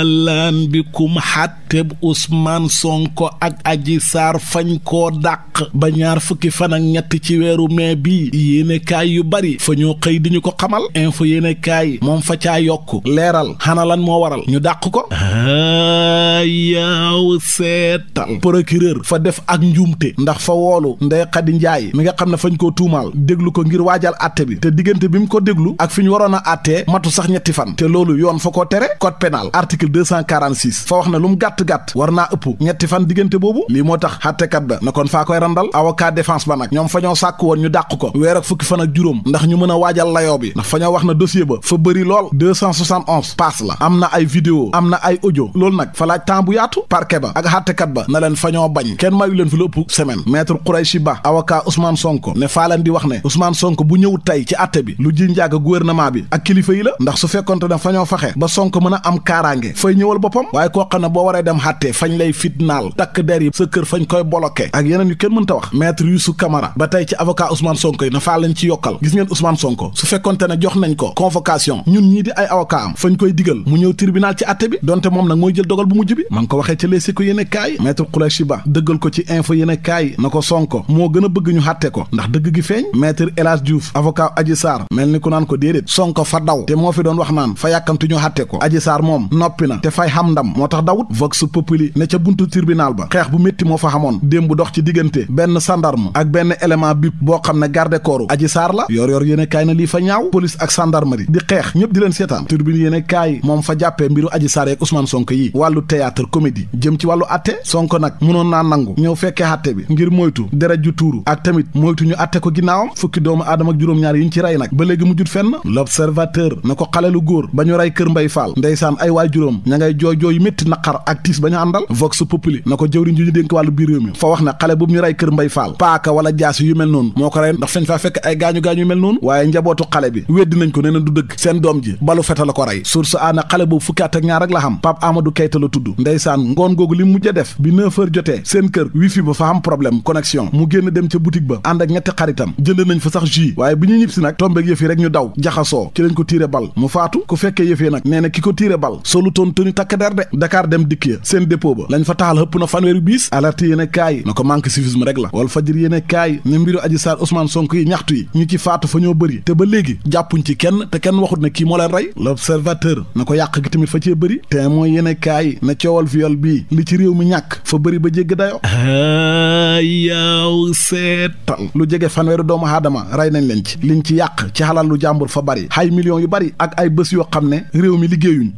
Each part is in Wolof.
ahlan bikum xàtteb son ko ak Adji saar fañ koo dàq ba ñaar fukki fan ñett ci weeru mai bi yéenekaay yu bari fa ñoo xëy di ñu ko xamal info yéenekaay moom fa caa yokk leeral xana lan moo waral ñu dàq ko yaaw seetal procureur fa def ak njuumte ndax fa woolu Ndeye Khady Ndiaye mi nga xam ne fañ koo tuumaal déglu ko ngir waajal àtte bi te diggante bi mu ko déglu ak fi ñu waroon a àttee matu sax ñetti fan te loolu yoon fa ko tere code pénal 246 fa wax ne lu mu gàtt-gàtt war naa ëpp ñetti fan diggante boobu lii moo tax xattekat ba na kon faa koy randal avocat défense ba nag ñoom fa ñoo sàkk woon ñu dàq ko weer ak fukki fan juróom ndax ñu mën a waajal layo bi ndax fa wax na dossier ba fa bëri lool 271 paas la am na ay vidéo am na ay audio loolu nag fa laaj temps bu yaatu parquet ba ak xattekat ba na leen fa bañ kenn mayu leen fi lu ëpp semaine maître Khouraychi Ba avocat Ousmane Sonko ne faa leen di wax ne Ousmane Sonko bu ñëw tey ci atte bi lu ji njaag gouvernement bi ak kilifa yi la ndax su fekkonte ne fa faxe ba Sonko mën a am kaaraange fay ñëwal boppam waaye koo xam ne boo waree dem xàtte fañ lay fitnaal takk der yi sa kër fañ koy bloqué ak yeneen yu kenn mënta wax maître Youssou Camara ba tey ci avocat Ousmane Sonko yi na faa lañ ci yokkal gis ngeen Ousmane Sonko su fekkonte ne jox nañ ko convocation ñun ñii di ay avocat am fañ koy digal mu ñëw tribunal ci atte bi donte moom nag mooy jël dogal bu mujj bi ma ngi ko waxee ci Les Échos yéene kaay maître Khoureychi Ba dëggal ko ci info yéene kaay na ko Sonko moo gën a bëgg ñu xàtte ko ndax dëgg gi feeñ maître El Hadj Diouf avocat mel ni ku naan ko déedéet Sonko fa daw moo fi doon wax naan fa yàkkamtu ñu xàtte ko Adji Sarr moom noppi na te fay xam ndam moo tax dawut Vox Populi ne ca buntu tribunal ba xeex bu métti moo fa xamoon démb dox ci diggante benn sandarme ak benn élément bip boo xam ne garde corps Adji saar la yor yor yéene kaay na lii fa ñaaw police ak gendarmerie di xeex ñëpp di leen seetaan turbine yéene kaay moom fa jàppee mbiru Adji Sarr ak Ousmane Sonko yi wàllu théâtre comédie jëm ci wàllu atte Sonko nag mënoon naa nangu ñëw fekke atte bi ngir moytu deret ju tuuru ak tamit moytu ñu ko ginnaawam fukki doomu aadama juróom-ñaar yi ñu ci rey nag ba léegi mujjut fenn l'observateur na ko xale góor ba ñu rey kër mbay faal ndeysaan ay waay juróom ña ngay jooy jooy métti naqar ak tiis ba ñu àndal vox populi na ko jëwriñ ju ñu dénk wàllu biir réew mi fa wax ne xale bu ñu rey kër mbay faal paaka wala jaasi yu mel noonu moo ko rey ndax feñ faa fekk ay gaañu-gaañu yu mel noonu waaye njabootu xale bi weddi nañ ko nee na du dëgg seen doom ji balu feta la ko rey source aana xale boobu fukki ak ñaar rek la xam Pape Amadou Keita tudd ndeysaan ngoon googu li mujj a def bi neuf heures jotee seen kër wifi ba am problème connexion mu génn dem ca boutique ba ànd ak ñetti xaritam jënd nañ fa sax jus waaye bi ñu ñib si nag tombeeg yëf yi rek ko tiire bal mu faatu ku fekkee yëf yi nag nee na ki ko tiire bal solum tenu takk der dem dikk ya seen dépôt ba lañ fa taxal xëpp na fanweeri biis alerte yéen e kaay na ko manque civisme rek la wala fajir yéen e kaay ne mbiru Adji Sarr Ousmane Sonko yi ñaxtu yi ñu ci faatu fa ñoo bëri te ba léegi jàppuñ ci kenn te kenn waxut ne kii moo leen rey l'observateur na ko yàq gi tamit fa cee bëri te mooy yéen kaay na coowal viol bii li ci réew mi ñàkk fa bëri ba jégg dayo yaaw seetal lu jege fanweeri doomu aadama rey nañ leen ci liñ ci yàq ci xalal lu jàmbur fa bëri hay yu bëri ak ay bés yoo xam ne réew mi liggéeyuñ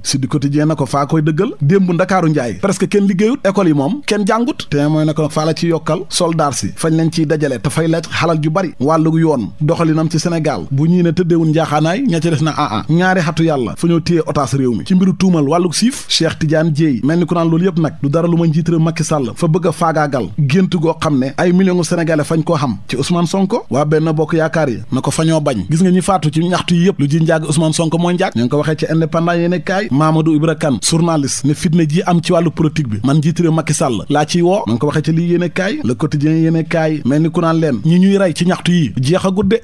ko faa koy dëggal démb ndakaaru njaay presque kenn liggéeyut école yi moom kenn jàngut te mooy ne ko faa ci yokkal soldaar si fañ leen ciy dajale te fay laaj xalal ju bari wàllug yoon doxalinam ci Sénégal bu ñii ne tëddeewul njaaxaanaay ña ci des na aa ah, ah. ñaari xatu yàlla fu ñoo téye otaas réew mi ci mbiru tuumal wàllug siif Cheikh Tidiane Dièye mel ni ku naan loolu yëpp nag du dara lu ma njiitara Macky Sall fa bëgg faagaagal gént goo xam ne ay millions kan journaliste ne fitna ji am ci wàllu politique bi man njiit réew Macky Sall laa ciy woo ma ngi ko waxee ci lii yéene kaay kaay mel ni ku naan leen ñi ñuy rey ci ñaxtu yi jeexagut de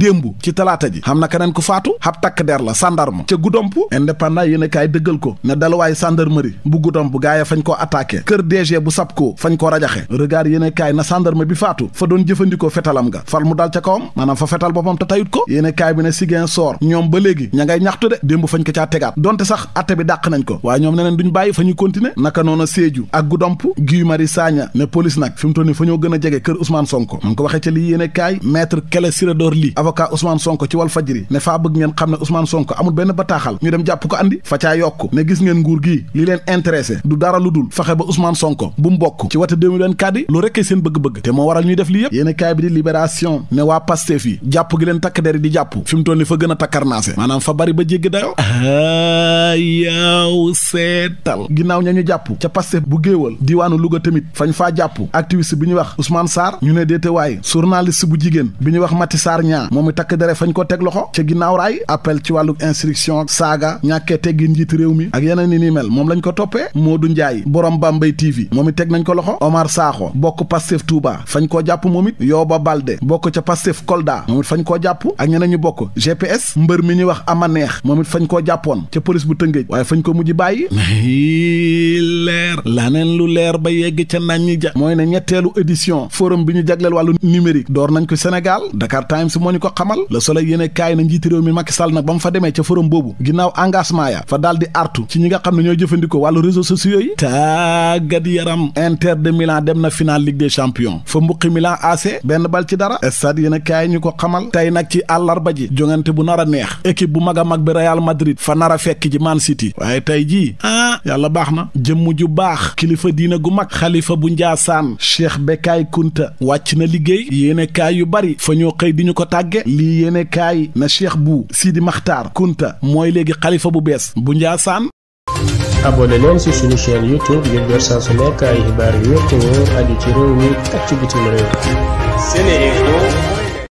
démb ci talaata ji xam na keneen ku faatu ab takk der la sandarma ca Goudomp indépendant yéene kaay dëggal ko na ne daluwaay sandarmeri bu Goudomp gaaya fañ ko attaqué kër DG bu sab ko fañ koo rajaxe regard yéene kaay na sandarma bi faatu fa doon jëfandikoo fetalam nga fal mu dal ca kawam maanaam fa fetal boppam te tayut ko yéene kaay bi ne Ziguinchor ñoom ba léegi ngay ñaxtu de démb fañ ko caa tegaat donte sax atte bi dàq nañ ko waaye ñoom neneen duñ bàyyi fa ñuy continuer naka noona Sédhiou ak Goudomp Guy Marius Sagna ne police nag fi mu fa ñoo gën jege kër Ousmane Sonko mu ko waxee ca li yéene kaay maître Kélé Sirador Ly avocat Ousmane Sonko ci Walf Fadjri ne faa bëgg ngeen xam ne Ousmane Sonko amul benn bataaxal ñu dem jàpp ko andi fa caa yokk ne gis ngeen nguur gii li leen intéressé du dara lu dul fexe bari ba jéggi dayo yaaw seetal ginnaaw ña ñu jàpp ca Pastef bu géewal diiwaanu luga tamit fañ faa jàpp activiste bi ñu wax Ousmane Sarr ñu ne déete waay journaliste bu jigéen bi ñu wax Mati saar ñaa moom i takk dere fañ ko teg loxo ca ginnaaw raay appel ci wàllu instruction saaga ñàkkee teggi njiitu réew mi ak yeneen ni ni moom lañ ko toppee Modou njaay borom Bambey TV moom it teg nañ ko loxo Omar Sakho bokk Pastef Touba fañ koo jàpp moom it Yoba Balde bokk ca Pastef Kolda moom it koo jàpp ak ñeneen ñu bokk ma neex moom it fañ koo jàppoon ca police bu tëngéej waaye fañ ko mujj bàyyi leer laneen lu leer ba yegg ca nañ ñi ja mooy ne ñetteelu édition forum bi ñu jagleel wàllu numérique door nañ ko Sénégal Dakar Times moo ñu ko xamal Le Soleil yéene kaay na njiiti réew mi Macky Sall nag ba mu fa demee ca forom boobu ginnaaw engagement ya fa daal di artu ci ñi nga xam ne ñooy jëfandikoo wàllu réseaux sociaux yi tàggat yaram Inter de Milan dem na finale Ligue des champions fa mbuqi Milan AC benn bal ci dara stade yéene kaay ñu ko xamal tey nag ci àllarba ji jongante mag a mag bi Real Madrid fa nara a fekk ji Man City waaye tey jii ah yàlla baax na jëmm ju baax kilifa diina gu mag xalifa bu Njaasaan Cheikh Bekkaay Kunta wàcc na liggéey yéene yu bari fa ñoo xëy di ñu ko tàgge lii yéene kaay na Cheikh bu Sidi Maxtaar Kunta mooy léegi xalifa bu bees bu Njaasaan abonné leen ci suñu chaîne youtube ngir jot saa xibaar yu wér te wóor aju ci réew mi ak ci bitim réew